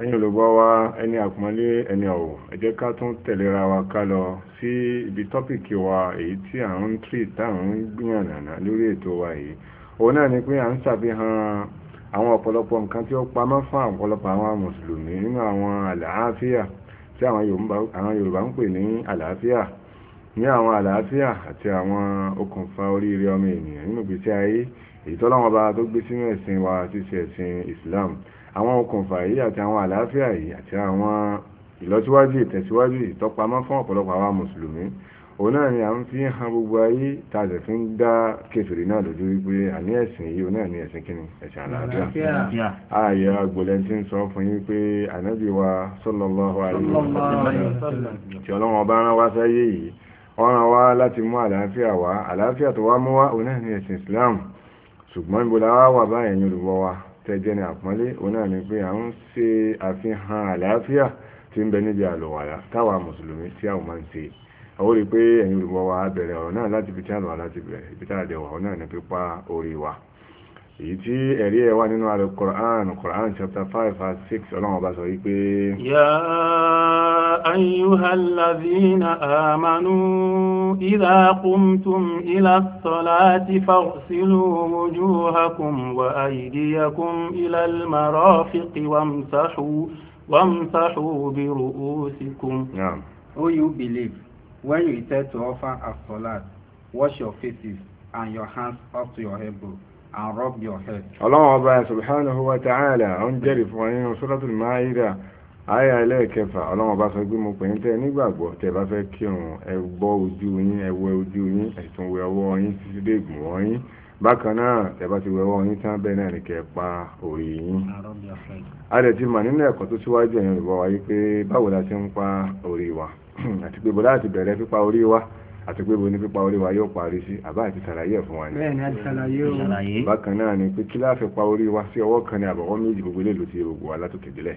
ẹ̀yin olùgbọ́ wa ẹni àpọ́nlé ẹni ọ̀wọ̀ ẹ jẹ́ ká tún tẹ̀léra wa ká lọ sí ibi tọ́pìkì wa èyí tí à ń tírì tá à ń gbìyànjànà lórí ètò wa yìí òun náà ni pé à ń ṣàfihàn àwọn ọ̀pọ̀lọpọ̀ nǹkan tí ó pamọ́ fún ọ̀pọ̀lọpọ̀ àwọn mùsùlùmí nínú àwọn àlàáfíà tí àwọn Yorùbá ń pè ní àlàáfíà ní àwọn àlàáfíà àti àwọn okùnfà oríire ọmọ ènìyàn nínú ìgbésí ayé èyí tọ́lọ́wọ́n bá tó gbé sínú ẹ̀sìn wa ti ṣe ẹ̀sìn Islam àwọn okùnfà yìí àti àwọn àlàáfíà yìí àti àwọn ìlọsíwájú ìtẹ̀síwájú ìtọ́pamọ́ fún ọ̀pọ̀lọpọ̀ àwọn mùsùlùmí òun náà ni a ń fi hàn gbogbo ayé tààzẹ̀ fi ń dá kèfèrí náà lójú wípé àní ẹ̀sìn yìí òun náà ni ẹ̀sìn kíni ẹ̀sìn àlàáfíà ààyè agbolẹ̀ tí ń sọ fún yín pé ànábì wa sallallahu alaihi wasallam tí ọlọ́run ọba rán wá sáyé yìí ọ̀ràn wá láti mú àlàáfíà wá àlàáfíà tó wá mú wá òun náà ni ẹ̀sìn Islam ṣùgbọ́n ibo la wá wà báyẹn yorùbá wa tẹ́jẹ́ ní àpọ́nlé òun náà ni pé à ń ṣe àfihàn àlàáfíà tí ń bẹ níbi àlùwàlà táwa mùsùlùmí tí àwọn máa ń ṣe ó pé ẹ̀yin olùgbọ́ wa bẹ̀rẹ̀ ọ̀rọ̀ náà láti fi tí àlùwàlà ti bẹ̀rẹ̀ ibi tá àdẹ̀wà òun ni pípa orí wa èyí tí ẹ̀rí ẹ̀ wà nínú àlùkùránì Qur'an chapter five verse six ọlọ́run ọba sọ yìí pé. أيها الذين آمنوا إذا قمتم إلى الصلاة فاغسلوا وجوهكم وأيديكم إلى المرافق وامسحوا, وامسحوا برؤوسكم نعم O you believe, when you intend to offer a salat, wash your faces and your hands up to your elbow and rub your head. Allah subhanahu wa ta'ala, ó ń jẹ́rìí fún wa nínú Suratul Ma'idah. àyà ẹlẹ́ẹ̀kẹfà ọlọ́run bá sọ pé mo pè ń tẹ́ nígbàgbọ́ tẹ́ bá fẹ́ kírun ẹ ojú yín ẹ ojú yín ẹ wẹ ọwọ́ yín títí dé ìgbìmọ̀ yín bákan náà tẹ́ bá ti wẹ ọwọ́ yín tán bẹ́ẹ̀ náà ní kẹ́ pa orí yín. a lè ti mà nínú ẹ̀kọ́ tó síwájú ẹ̀yìn ìbọn wáyé pé báwo la ti ń pa orí wa àti pé bọ́lá àti bẹ̀rẹ̀ pípa orí wa àti pé bo ní pípa orí wa yóò parí sí àbá àti sàlàyé fún wa ní bákan náà ni pé kí la fi pa orí wa sí ọwọ́ kan ní àbọ̀wọ́ méjì gbogbo ilé ìlú ti gbogbo wa látòkè délẹ̀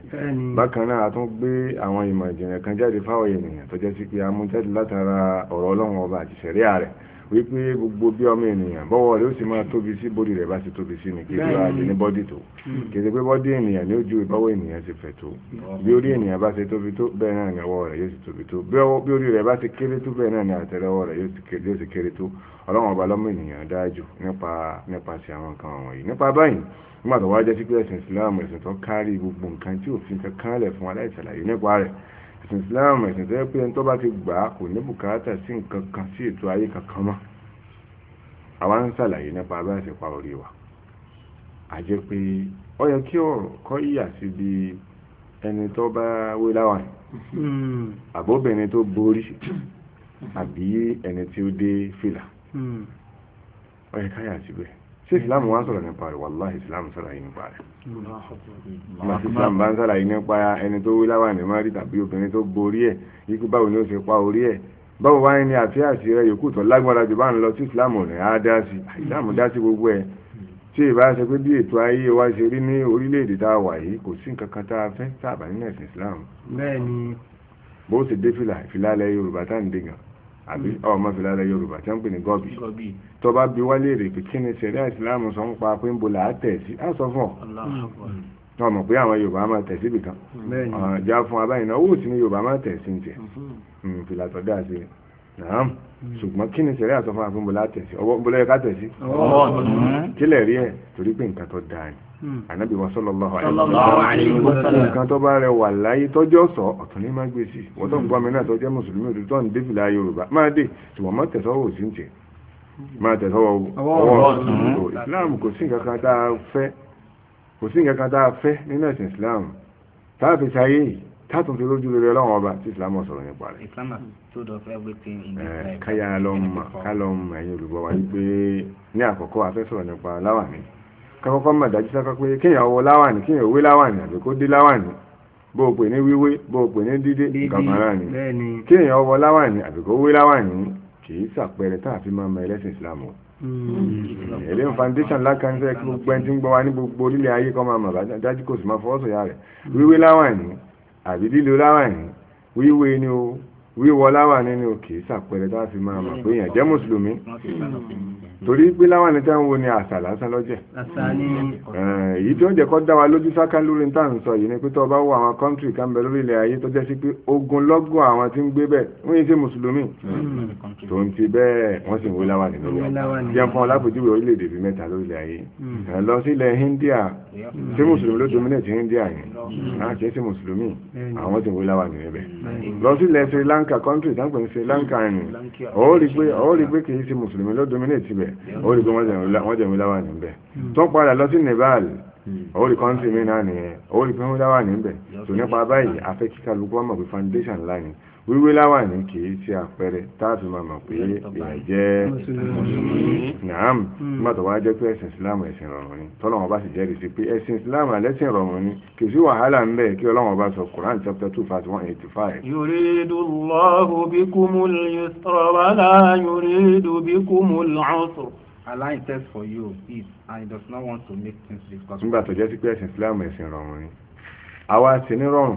bákan náà a tún gbé àwọn ìmọ̀ ìjìnlẹ̀ kan jáde fáwọn ènìyàn tó jẹ́ sí pé a mú jáde látara ọ̀rọ̀ ọlọ́run ọba àti sẹ̀ríà rẹ̀ wípé gbogbo bí ọmọ ènìyàn bọ́wọ́ rẹ̀ ó sì máa tóbi sí bódì rẹ̀ bá ti tóbi sí ni kí ló àjẹ ní bọ́dì tó hmm. kìí pé bọ́dì ènìyàn ní ojú ìbọ́wọ́ ènìyàn ti fẹ̀ tó hmm. bí orí ènìyàn bá ti tóbi tó bẹ́ẹ̀ náà ni ọwọ́ rẹ̀ yóò ti tóbi tó bí orí rẹ̀ bá ti kéré tó bẹ́ẹ̀ náà ni àtẹ́lẹwọ́ rẹ̀ yóò ti kéré tó ọlọ́run ọba lọ́mọ ènìyàn dájú nípa nípasẹ̀ àwọn nǹkan wọ̀nyí nípa báyìí nígbà tó wá jẹ́ sí pé ẹ̀sìn ìsìláàmù ẹ̀sìn tó kárí gbogbo nǹkan tí òfin kankan lẹ̀ fún aláìsàlàyé nípa rẹ̀ ẹ̀sìn islam ẹ̀sìn tó yẹ pé ẹni tó bá ti gbà á kò ní bùkátà sí nǹkan kan sí ètò ayé kankan mọ́ àwa ń ṣàlàyé nípa abẹ́ àṣepa orí wa a jẹ́ pé ó yẹ kí ọ̀rọ̀ kọ́ yíyà sí bí ẹni tó bá wé láwọn àbóbìnrin tó borí àbí ẹni tí ó dé fìlà hmm. ó yẹ káyà síbẹ̀ ṣé islam wá ń sọ̀rọ̀ nípa rẹ̀ wàláhì islam sọ̀rọ̀ yìí nípa rẹ̀ màtí islam bá ń sọ̀rọ̀ yìí nípa ẹni tó wí láwà ní mari tàbí obìnrin tó borí ẹ̀ ikú báwo ni ó ṣe pa orí ẹ̀ báwo wáyé ni àti àti rẹ̀ yòókù tó lágbára jù bá ń lọ sí islam ò á dá sí islam dá sí gbogbo ẹ̀ tí ìbá ṣe pé bí ètò ayé wa ṣe rí ní orílẹ̀-èdè tá a wà yìí kò sí nǹkan kan tá a fẹ́ sábà nínú ẹ̀sìn islam bó ṣe dé fìlà ìfìlà ilẹ̀ yorùbá tá à ń dé gan àbí ọmọ fi lára yorùbá tí wọ́n pè ní gọ́bì tó bá bi wá léèrè pé kí ni ṣẹ̀ríà ìsìláàmù sọ ń pa pé ń bo làá tẹ̀ sí á sọ fún ọ wọ́n mọ̀ pé àwọn yorùbá máa tẹ̀ síbì kan já fún abáyìnà owó sí ni yorùbá máa tẹ̀ sí ń tẹ̀ mhm. hmm, fìlà tọ́ sí náà hmm. ṣùgbọ́n kí ni ṣẹ̀ríà sọ fún wa pé ọwọ́ ń bo ká tẹ̀ kílẹ̀ rí ẹ̀ torí pé nǹkan tó dáa ni Hmm. ànábì wa sallallahu alaihi wasallam nǹkan tó bá rẹ wà láyé tọ́jọ́ sọ ọ̀tún ní máa gbé sí wọ́n tó ń gbọ́ mi náà tó jẹ́ mùsùlùmí òdútó ń dé fìlà yorùbá máa dé ṣùgbọ́n má tẹ̀sọ́wọ́ ò sí ń tẹ̀ máa tẹ̀sọ́wọ́ ọwọ́ ọ̀tún islam kò sí nǹkan kan tá a fẹ́ nínú ẹ̀sìn islam tá a fi ṣayé yìí tátùn fi lójú rere ọlọ́run ọba tí islam sọ̀rọ̀ nípa rẹ̀. islam has everything in this life. káyà lọ́mọ ẹ̀yin olùgbọ́ wa wípé ní àkọ́kọ́ a sọ̀rọ̀ nípa láwàní kakọ́kọ́ mọ̀ dájú sáká pé kéèyàn wọ láwàní kéèyàn wé láwàní àbí kó dé láwàní bó o pè ní wíwé bó o pè ní dídé kàmárà ni kéèyàn wọ láwàní àbí kó wé láwàní kì í sàpẹrẹ tá a fi máa mọ ẹlẹ́sìn Islam o ẹlẹ́yìn hmm. foundation lákàntẹ́ kí gbogbo ẹni tí ń gbọ́ wa ní gbogbo orílẹ̀ ayé kọ́ máa mọ̀ dájú kò sì máa fọwọ́ sọ̀yà rẹ̀ hmm. wíwé láwàní àbí lílo láwàní wíwé ni o wíwọ láwàní ni o kì í sàpẹrẹ tá a fi máa mọ̀ pé èèyàn jẹ́ mùsùlùmí hmm. Mm-hmm. torí pé láwọn ẹni tán wo ni àṣà lásán lọ́jẹ̀ eh, èyí tí ó jẹ́ kọ́ dá wa lójú sáká lórí ní tàn sọ yìí ni pé tó bá wo àwọn kọ́ńtírì kan bẹ lórí ilẹ̀ ayé tó jẹ́ sí pé ogun lọ́gùn àwọn tí ń gbé bẹ́ẹ̀ wọ́n yìí ṣe mùsùlùmí mm-hmm. tó ń ti bẹ́ẹ̀ wọ́n sì ń wo láwọn ẹni ilẹ̀ ayé mm. India ṣé mùsùlùmí ló dominate India yẹn náà ah, kìí ṣe mùsùlùmí àwọn ti wọlé wà ní ibẹ̀ lọ sílẹ̀ Sri Lanka country táǹpẹ̀ ní Sri Lanka ni ó rí pé kìí ṣe mùsùlùmí ló dominate ibẹ̀ ó rí pé wọ́n jẹ̀ wọlé wà ní ibẹ̀ tó padà lọ sí Nepal orí country mi náà nìyẹn orí pé wọ́n dá wà níbẹ̀ tó nípa báyìí afẹ́kíkà lóko ọmọ pé foundation ńlá wíwé láwà ní kì í ṣe àpẹẹrẹ táàfì máa mọ̀ pé èèyàn jẹ́ mùsùlùmí nàám hmm. nígbà tó wá jẹ́ pé ẹ̀sìn islam ẹ̀sìn rọrùn ni tọ́lọ́wọ́n bá sì jẹ́rìí sí pé ẹ̀sìn islam àlẹ́sìn rọrùn ni kì í sí wàhálà ń bẹ̀ kí ọlọ́wọ́n bá sọ quran chapter two verse one eighty five. yuridu Allahu bikumul yusra wala yuridu bikumul usra. Allah intends for you peace and he does not want to make things difficult. nígbà tó jẹ́ sí pé ẹ̀sìn islam ẹ̀sìn rọrùn ni àwa sì ní rọrùn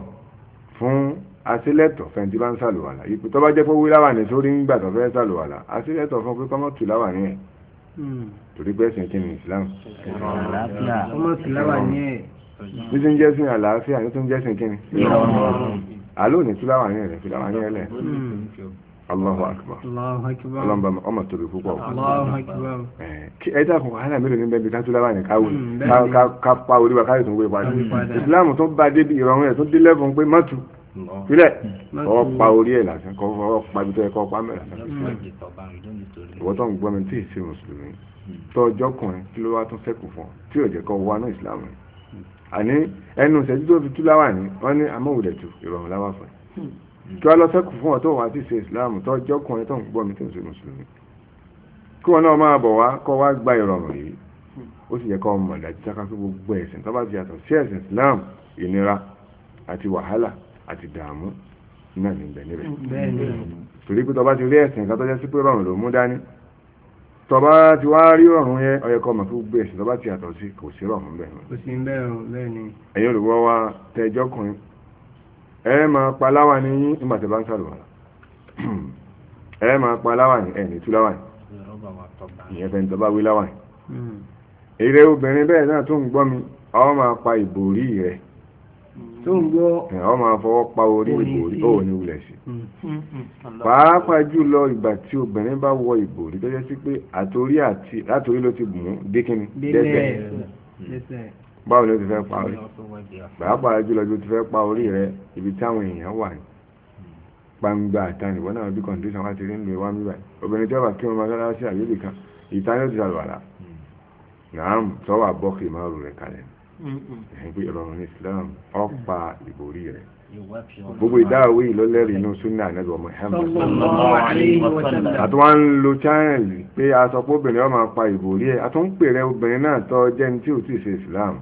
fún asílẹ̀tọ̀ fẹ́ntì bá ń sàlùwàlà ipò tó bá jẹ́ pé wíláwà ní sórí ń gbà tó fẹ́ sàlùwàlà asílẹ̀tọ̀ fún pé kọ́mọ́ tù láwà ní ẹ̀ hmm. torí pé ẹ̀sìn kíni Islam kọ́mọ́ tù láwà ní ẹ̀ títí ń jẹ́sìn àlàáfíà ní tó ń jẹ́sìn kíni àló ní tù láwà ní ẹ̀ fi láwà ní ẹ̀ lẹ̀ hmm. Allahu akbar ọlọ́mọba ọmọ tóbi púpọ̀ ẹ dákun wàhálà mélòó ní hmm, bẹ́ẹ̀ bí ká tù láwà ní káwé ká pa orí káyọ̀ tó ń wé padà Islam tó bá débi ìrọ̀rùn ẹ̀ tó dé lẹ́fún pé mọ́tò filẹ̀ ọwọ́ pa orí ẹ̀ lásán kọ́ ọwọ́ pa ibi tó yẹ kọ́ pa mẹ́rin lásán ìwọ́n tó ń gbọ́ mi tí ì ṣe mùsùlùmí hmm. tó ọjọ́ kùnrin kí ló wá tún sẹ́kù fún ọ tí ò jẹ́ kọ́ wọnú ìsìlámù ni àní ẹnu ìṣẹ́jú tó fi tú láwà ní wọ́n ní amóhùlẹ̀ tù ìrọ̀rùn láwà fún ẹ hmm. kí wọ́n lọ sẹ́kù fún ọ tó wà tí ì ṣe ìsìlámù tó ọjọ́ kùnrin tó ń gbọ́ mi tí ì ṣe mùsùlùmí kí wọn náà máa bọ̀ wá kọ́ wá gba ìrọ̀rùn yìí ó sì yẹ kọ́ ọmọ ìdájí sáká fún gbogbo ẹ̀sìn tó bá ti yàtọ̀ sí ẹ̀sìn Islam ìnira àti wàhálà àti dààmú náà ní bẹ̀ níbẹ̀ torí pé tọba ti rí ẹ̀sìn kan tó jẹ́ ló mú dání tọba ti wá rí ọ̀run yẹn ó yẹ kó mọ̀ tọba ti yàtọ̀ sí kò sí rọrùn bẹ́ẹ̀ kò sí bẹ́ẹ̀ bẹ́ẹ̀ ni. ẹ̀yin olùwọ́ wa tẹjọ́ ẹ máa pa láwa ní yín nígbà bá ń sàlùwà ẹ máa pa láwa ní ẹ̀ ní tú láwa ní ìyẹn fẹ́ tọba wí láwa ní. èrè hmm. obìnrin bẹ́ẹ̀ náà tó ń gbọ́ mi ọ máa pa ìbòrí rẹ̀ tó ń gbọ́ ọ máa fọwọ́ pa orí ìbòrí ó ní wulẹ̀ sí mm, mm, mm, pàápàá jùlọ ìgbà tí obìnrin bá wọ ìbòrí tó jẹ́ sí pé àtòrí àti látòrí ló ti bùn ún dékinni dẹ́sẹ̀ báwo ló ti fẹ́ pa orí pàápàá jùlọ bí ó ti fẹ́ pa orí rẹ ibi táwọn èèyàn wà ní gbangba àtàn ìwọ náà bí kọ̀ǹdíṣàn wá ti rí nílùú wa mí báyìí obìnrin tí wọ́n bá kí wọn mọ́ṣáláṣí àyè ibìkan ìtàn yóò ti sàlùwàlà náà sọ wà bọ́ọ̀kì márùn rẹ̀ kalẹ̀ ní ẹgbẹ́ ìrọ̀rùn Islam ọ̀pá ìbòrí rẹ̀ gbogbo ìdáwé ìlọ́lẹ́rìí inú súnà ànẹ́gbọ̀ Muhammad àtúwá ń lo channel pé a sọ pé obìnrin ọmọ pa ìbòrí ẹ̀ àtún ń pè rẹ obìnrin náà tó jẹ́ ní tí ò tí ì ṣe Islam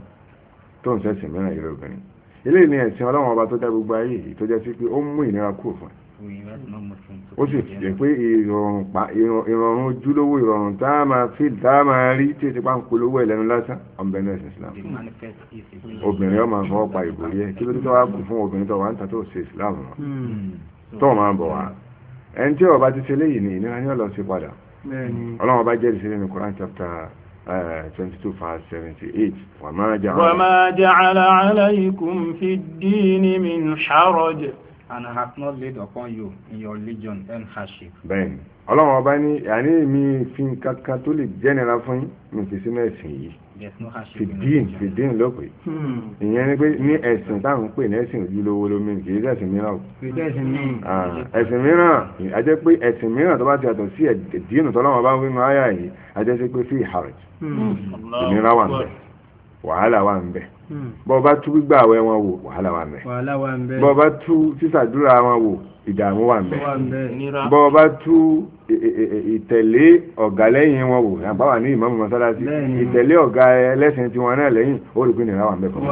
tó ń ṣẹ̀sìn mìíràn ìrẹ́ obìnrin eléyìí ni ẹ̀sìn ọlọ́run ọba tó dá gbogbo ayé tó jẹ́ sí pé ó mú ìnira kúrò fún ẹ̀ ó sì jẹ́ pé ìrọ̀rùn ojúlówó ìrọ̀rùn tá a máa fi tá a máa rí tí o ti pa ń polówó ẹ̀lẹ́nu lásán ọ̀bẹ náà islam obìnrin ọmọ àfọwọ́ pa ìbò rí ẹ kí ló tó wá kù fún obìnrin tó wà ń ta tó ṣe islam wọn tó máa bọ̀ wá ẹni tí ọba ti ṣe léyìí ni ìnira ni ọlọ́ọ̀ padà ọlọ́wọ́n bá jẹ́ ìṣẹ́lẹ̀ ní Quran chapter 22 eh, verse 78 wàmá ja'ala alaykum fi d-dini min and has not laid upon you in your religion and hardship. bẹ́ẹ̀ni ọlọ́run ọba ní àní mi fi nǹkan kan tó lè jẹnira fún mi fi sínú ẹ̀sìn yìí fìdíìn fìdíìn ló pè hmm. ìyẹn ni pé ní ẹ̀sìn táwọn ń pè ní ẹ̀sìn ojúlówó lómi kì í ṣẹ̀sìn mìíràn o ẹ̀sìn mìíràn a jẹ́ pé ẹ̀sìn mìíràn tó bá ti yàtọ̀ sí ẹ̀dínù tọ́lọ́run ọba ń wí nù áyà yìí a jẹ́ sí pé fi ìhàrẹ̀ hmm. ìnira wà níbẹ̀ wàhálà wà ń bẹ bọ́ bá tú gbígbà àwẹ̀ wọn wò wàhálà wà ń bẹ bọ́ bá tú sísàdúrà wọn wò ìdààmú wà ń bẹ bọ́ bá tú ìtẹ̀lé ọ̀gá lẹ́yìn wọn wò àbá wà ní ìmọ̀mù mọ́sálásí ìtẹ̀lé ọ̀gá ẹlẹ́sìn tiwọn náà lẹ́yìn ó rí pé nìyẹn wà ń bẹ kọ́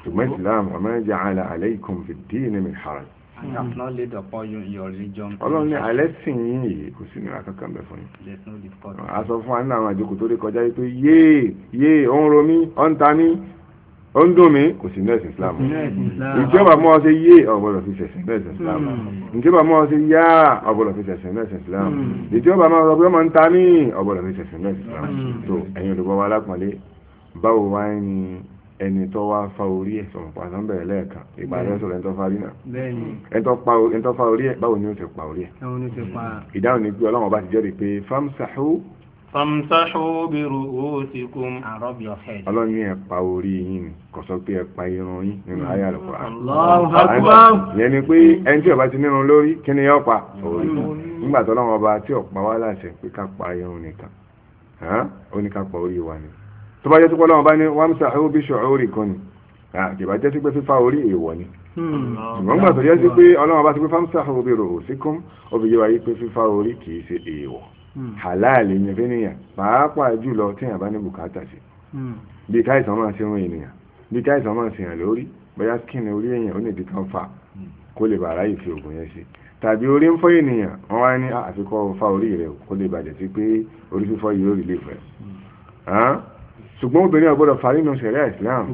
ṣùgbọ́n Islam ọmọ ẹ̀jẹ̀ àlà alaykum fid-din min haraj and have not laid upon you in your religion. ọlọ́run ní àlẹ́sìn yín yìí kò sí nira kankan bẹ̀ fún yín. a sọ fún wa nínú àwọn àjòkò tó rí kọjá yìí pé yéè yéè ó ń ro mí ó ń ta mí ó ń dùn mí kò sí nẹ́ẹ̀sì islam. ìjọba mọ́ ọ ṣe yé ọ̀gbọ́dọ̀ fi ṣẹ̀sìn nẹ́ẹ̀sì islam. Hmm. ìjọba mọ́ ọ ṣe yá ọ̀gbọ́dọ̀ fi ṣẹ̀sìn nẹ́ẹ̀sì islam. Hmm. ìjọba mọ́ ọ sọ pé ọmọ ń ta mí ọ̀gbọ́dọ̀ fi ṣẹ̀sìn nẹ́ẹ̀sì islam. tó hmm. ẹ̀yin olùkọ́ wa alákùnrin báwo wá ní ẹni tó wá fa orí ẹ̀ sọ̀rọ̀ pa nọ́mbà ẹ̀ lẹ́ẹ̀kan ìbàdàn sọ̀rọ̀ ẹni tó fa orí náà ẹni tó fa orí ẹ̀ báwo ni ó ti pa orí ẹ̀ ìdáhùn ni pé ọlọ́run bá ti jẹ́rìí pé famsahu famsahu bi ru'usikum ọlọ́run ní ẹ̀ pa orí yín kò sọ pé ẹ̀ pa irun yín nínú ayé àlùkò yẹn ni pé ẹni tí ó bá ti nírun lórí kí ni yóò tó bá jẹ́ sípò lọ́wọ́ bá ní wamsahu bi shu'urikum àkìbá jẹ́ sí pé fífá orí èèwọ̀ ni hmm. ṣùgbọ́n gbà tó jẹ́ sí pé ọlọ́wọ́ bá ti pé famsahu bi ru'usikum ó fi yé wa yí pé fífá orí kì í ṣe èèwọ̀ hmm. halal yẹn fẹ́ nìyàn pàápàá jùlọ téèyàn bá ní bùkátà sí hmm. bí káìsàn máa ṣe rún ènìyàn bí káìsàn máa ṣe hàn lórí bóyá skin orí èèyàn ó nìdí kan fà kó lè bàrá ìfi ògùn yẹn ṣe tàbí orí ń fọ́ ènìyàn wọ́n wá ní ah, àfikọ́ fa orí rẹ̀ kó lè bàjẹ́ sí pé orí fífọ́ yìí ó rí lè fẹ́ ṣùgbọ́n obìnrin ọ̀gbọ́dọ̀ fa nínú ṣẹ̀rẹ́ Islam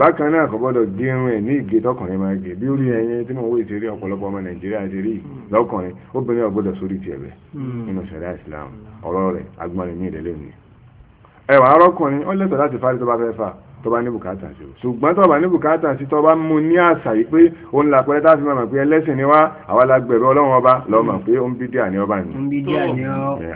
bákan náà kò gbọ́dọ̀ di irun ẹ̀ ní ìgé tọkùnrin máa gé bí orí ẹyin tí mo wé ti rí ọ̀pọ̀lọpọ̀ ọmọ Nàìjíríà ti rí lọ́kùnrin obìnrin ọ̀gbọ́dọ̀ sórí tiẹ̀ bẹ̀ nínú ṣẹ̀rẹ́ Islam ọ̀rọ̀ rẹ̀ agbọ́nrin ní ìdẹ́lẹ́ mi ẹwà arọ́kùnrin ó lẹ́tọ̀ọ́ láti fárí tó bá fẹ́ fà tó bá ní bùkátà sí o ṣùgbọ́n tó bá ní bùkátà sí tó bá mú ní àṣà yìí pé ó ń lapẹ́ tá a fi máa pé ẹlẹ́sìn ni wá àwa la gbẹ̀rù ọlọ́run ọba lọ́mọ pé ó ń bí díà ní ọba ni.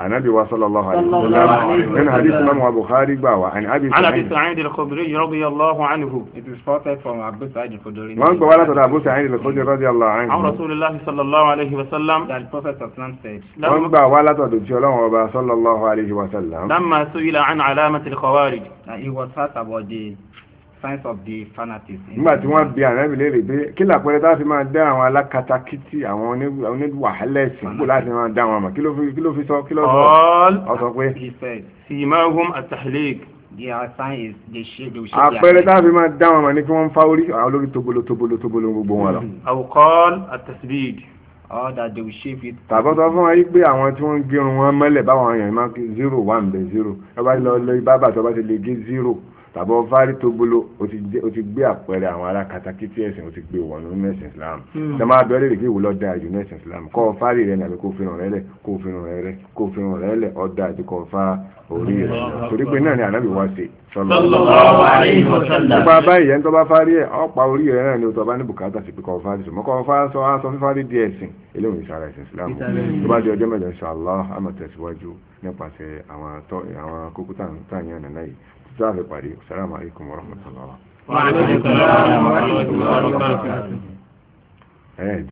anabi wa sallallahu alayhi wa sallam nínú hadith wa bukhari gbà wá ani abi sa'id al-khudri radiyallahu anhu. it is reported from abu sa'id al-khudri. wọ́n gbọ́ wàlá tọ́lá abu sa'id al-khudri radiyallahu anhu. an rasulillah sallallahu alayhi wa sallam. that prophet said. wọ́n gbà wàlá tọ́lá tí ọlọ́run ọba sallallahu alayhi wa sallam. lamma su'ila an alamati al-khawarij. he was asked about the signs of the fanatics. nígbà tí wọ́n bi ànábì léèrè pé kí làpẹrẹ tá a fi máa dá àwọn alákatakítí àwọn oníwàhálà ẹ̀sìn kó láti máa dá wọn mọ̀ kí ló fi sọ kí ló sọ ọ sọ pé. simahum atahlik àpẹẹrẹ tá a fi máa dá wọn mọ̀ ní kí wọ́n ń fa orí àwọn olórí tobolo tobolo tobolo gbogbo wọn lọ. àwòkọ́l àtẹ̀síbíìd tàbọ́tọ́ fún wa yí pé àwọn tí wọ́n ń wọn mọ́lẹ̀ báwọn èèyàn máa zero tàbí ọfárí tó gbóló o ti gbé àpẹẹrẹ àwọn ará katakítí ẹ̀sìn o ti gbé wọnú mẹ́sìn Islam tẹ hmm. máa bẹ̀rẹ̀ rè kí ìwò lọ́ọ́ da ìjù mẹ́sìn Islam kọ́ ọfárí rẹ̀ nàbí kó fihàn rẹ̀ lẹ̀ kó fihàn rẹ̀ lẹ̀ kó fihàn rẹ̀ lẹ̀ ọ̀dà àti kọ́ ọfá orí rẹ̀ torí pé náà ni ànábì wá sí sallallahu alaihi wasallam nípa báyìí ẹni tó bá fárí ẹ̀ ọ̀pá orí rẹ̀ náà ni o tó bá ní bùkátà sí pé kọ́ ọfá sọ mọ́kọ́ ọfá sọ á sọ fífárí di ẹ̀sìn Islam tó bá di ọjọ́ mẹ́jọ insha Allah á máa tẹ̀síwájú nípasẹ̀ àwọn kókó tàǹtà yẹn nàná yìí sáàfì pàdé assalamu alaikum wa rahmatullahi wa barakatuh